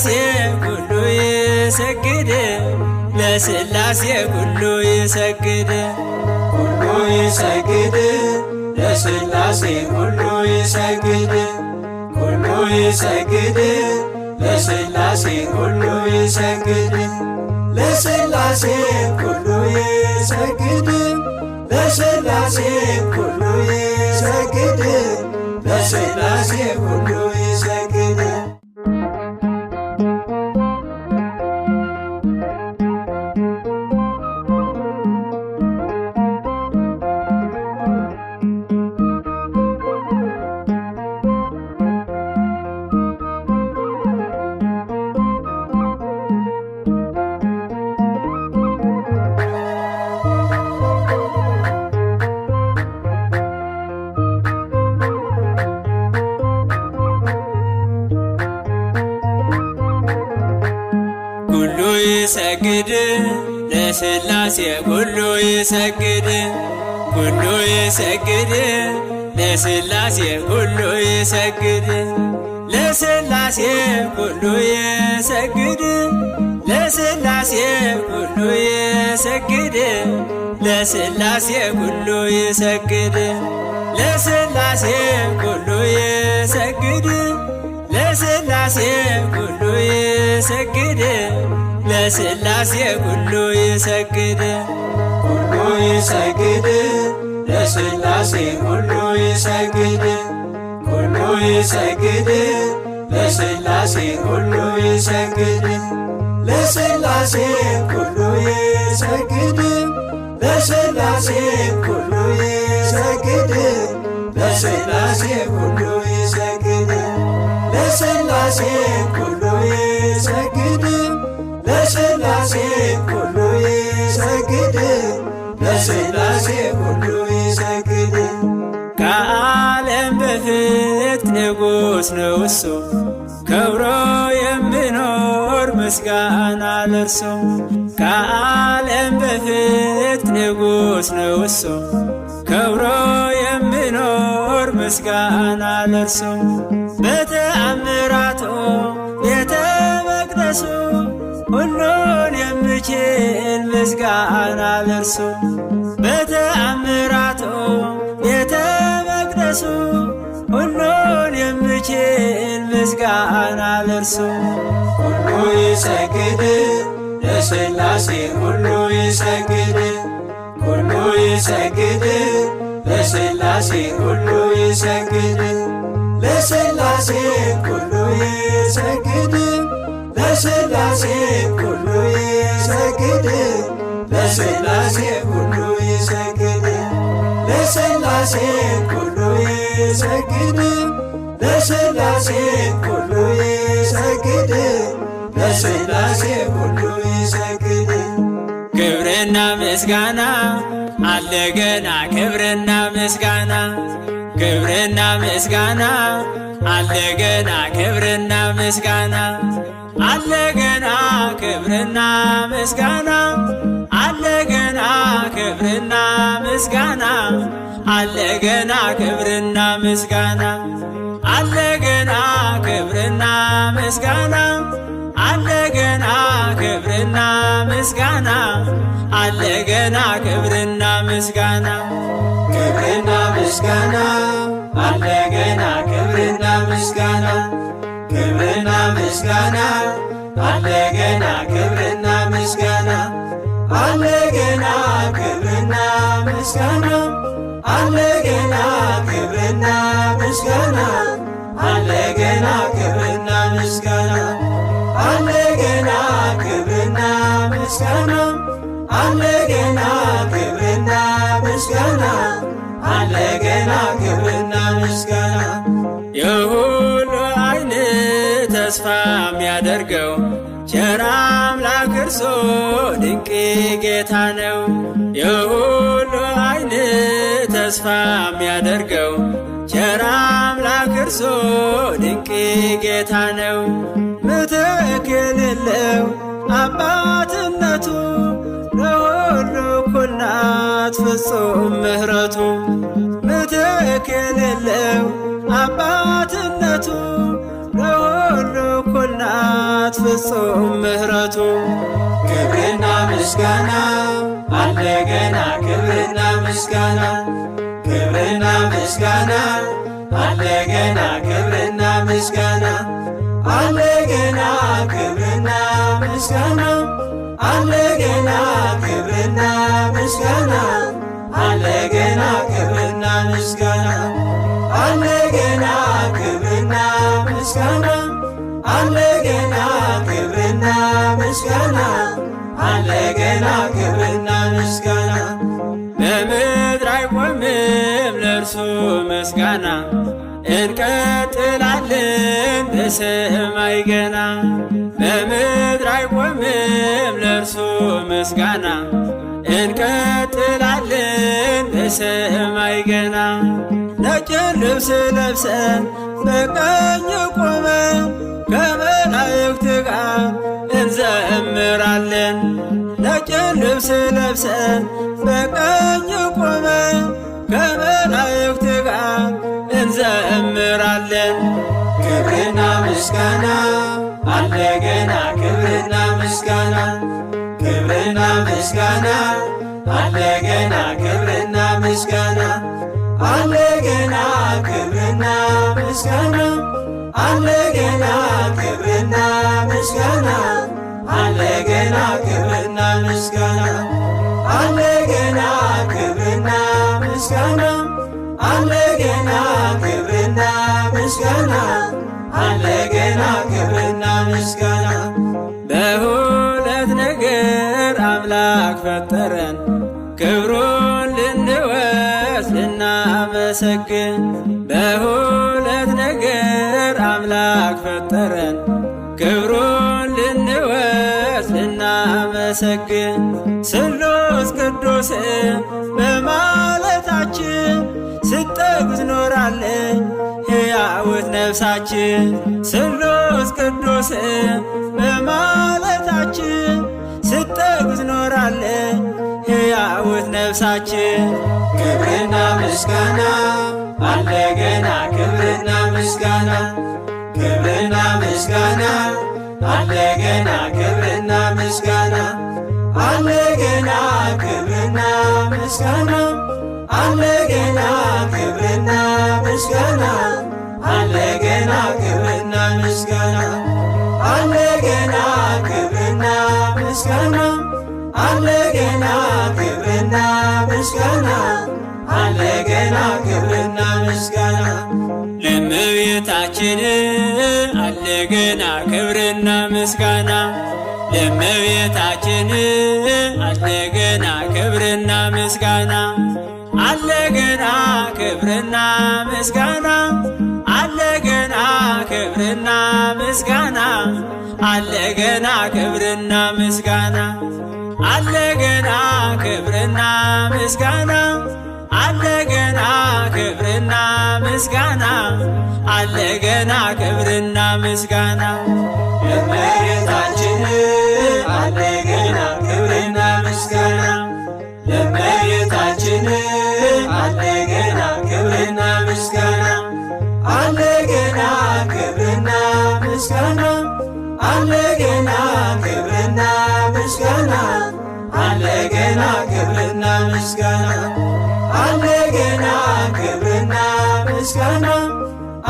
ለሥላሴ ሁሉ ይሰግድ ለስላሴ ሁሉ ይሰግድ ሁሉ ይሰግድ ለስላሴ ሁሉ ይሰግድ ሁሉ ይሰግድ ለስላሴ ሁሉ ይሰግድ ለስላሴ ሁሉ ይሰግድ ለስላሴ ሁሉ ይሰግድ ለሥላሴ ሁሉ ሥላሴ ኩሉ ይሰግድ ኩሉ ይሰግድ ለስላሴ ኩሉ ይሰግድ ለስላሴ ኩሉ ይሰግድ ለሥላሴ ኩሉ ይሰግድ ለስላሴ ኩሉ ይሰግድ ለስላሴ ኩሉ ይሰግድ ለሥላሴ ኩሉ ይሰግድ ለስላሴ ሁሉ ይሰግድ ሁሉ ይሰግድ ለስላሴ ሁሉ ይሰግድ ሁሉ ይሰግድ ለስላሴ ሁሉ ይሰግድ ለስላሴ ሁሉ ይሰግድ ለስላሴ ሁሉ ይሰግድ ለስላሴ ሁሉ ይሰግድ ለስላሴ ለሥላሴ ሁሉ ይሰግድ፣ ለሥላሴ ሁሉ ይሰግድ። ከዓለም በፊት ንጉሥ ነው እሱ ከብሮ የሚኖር ምስጋና ለርሶ ከዓለም በፊት ንጉሥ ነው እሱ ከብሮ የሚኖር ምስጋና ለርሶ በተአምራቶ ቤተ መቅደሱ ሁሉን የምችል ምስጋና ለርሱ በተአምራቶ ቤተ መቅደሱ ሁሉን የምችል ምስጋና ለርሱ ሁሉ ይሰግድ ለስላሴ ሁሉ ይሰግድ ሁሉ ይሰግድ ለስላሴ ሁሉ ይሰግድ ለስላሴ ሁሉ ይሰግድ ለሥላሴ ሁሉ ይሰግድ፣ ለሥላሴ ሁሉ ይሰግድ፣ ለሥላሴ ሁሉ ይሰግድ፣ ለሥላሴ ሁሉ ይሰግድ፣ ለሥላሴ ሁሉ ይሰግድ። ክብርና ምስጋና አለ ገና ክብርና ምስጋና ክብርና ምስጋና አለ ገና ክብርና ምስጋና አለገና ክብርና ምስጋና አለገና ክብርና ምስጋና አለገና ክብርና ምስጋና አለገና ክብርና ምስጋና አለገና ክብርና ምስጋና አለገና ክብርና ምስጋና ክብርና ምስጋና አለ ክብርና ምስጋና ምስጋና አለ ገና ክብርና ምስጋና አለ ገና ክብርና ምስጋና አለ ገና ክብርና ምስጋና አለ ገና ክብርና ምስጋና አለ ገና ክብርና ምስጋና አለ ገና ክብርና ምስጋና አለ ገና ክብርና ምስጋና ተስፋ የሚያደርገው ቸር አምላክ እርሶ ድንቅ ጌታ ነው። የሁሉ አይን ተስፋ የሚያደርገው ቸር አምላክ እርሶ ድንቅ ጌታ ነው። ምትክ የሌለው አባትነቱ ለሁሉ እኩል ናት ፍጹም ምሕረቱ ምትክ የሌለው አባትነቱ ለዘመናት ፍጹም ምሕረቱ ክብርና ምስጋና አለ ገና ክብርና ምስጋና ክብርና ምስጋና አለ ገና ክብርና ምስጋና አለ ገና ክብርና ምስጋና አለ ገና ክብርና ምስጋና አለ ገና ክብርና ምስጋና አለ ገና ክብርና ምስጋና አለ ገና ክብርና ምስጋና አለ ገና ክብርና ምስጋና በምድር አይቆምም ለእርሱ ምስጋና እንቀጥላለን በሰማይ ገና በምድር አይቆምም ለእርሱ ምስጋና እንቀጥላለን በሰማይ ገና ነጭን ልብስ ለብሰን በቀኝ ቆመን ከመላእክት ጋር እንዘምራለን። ነጭ ልብስ ለብሰን በቀኝ ቆመን ከመላእክት ጋር እንዘምራለን። ክብርና ምስጋና አለ ገና ክብርና ምስጋና ክብርና ምስጋና አለ ገና ክብርና ምስጋና አለ ገና ክብርና ምስጋና አለ ገና ክብርና ምስጋና አለ ገና ክብርና ምስጋና አለ ክብርና ምስጋና አለ ክብርና ምስጋና አለ ክብርና ምስጋና በሁለት ነገር አምላክ ፈጠረን ክብሩን ልንወስ ልናመሰግን በሁ አይነት ነገር አምላክ ፈጠረን ክብሩን ልንወስ ልናመሰግን ስሉስ ቅዱስ በማለታችን ስጠግዝ ኖራለን ሕያውት ነፍሳችን ስሉስ ቅዱስ በማለታችን ስጠግዝ ኖራለን ሕያውት ነፍሳችን ክብርና ምስጋና አለ ገና ክብርና ምስጋና ክብርና ምስጋና አለ ገና ክብርና ምስጋና አለ ገና ክብርና ምስጋና አለ ገና ክብርና ምስጋና አለ ገና ክብርና ምስጋና አለ ገና ክብርና ምስጋና አለ ገና ክብርና ምስጋና አለ ገና ክብርና ምስጋና ለመቤታችን አለ ገና ክብርና ምስጋና ለመቤታችን አለ ገና ክብርና ምስጋና አለ ገና ክብርና ምስጋና አለ ገና ክብርና ምስጋና አለ ገና ክብርና ምስጋና አለ ገና ክብርና ምስጋና አለገና ገና ክብርና ምስጋና አለ ገና ክብርና ምስጋና ለመሬታችን አለገና ገና ክብርና ምስጋና ለመሬታችን አለገና ገና ክብርና ምስጋና አለገና ገና ክብርና ምስጋና አለገና ገና ክብርና ምስጋና አለገና ገና ክብርና ምስጋና ምስጋና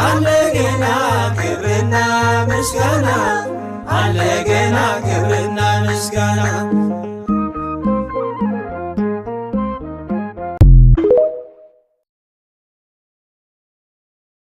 አለ ገና ክብርና ምስጋና አለ ገና ክብርና ምስጋና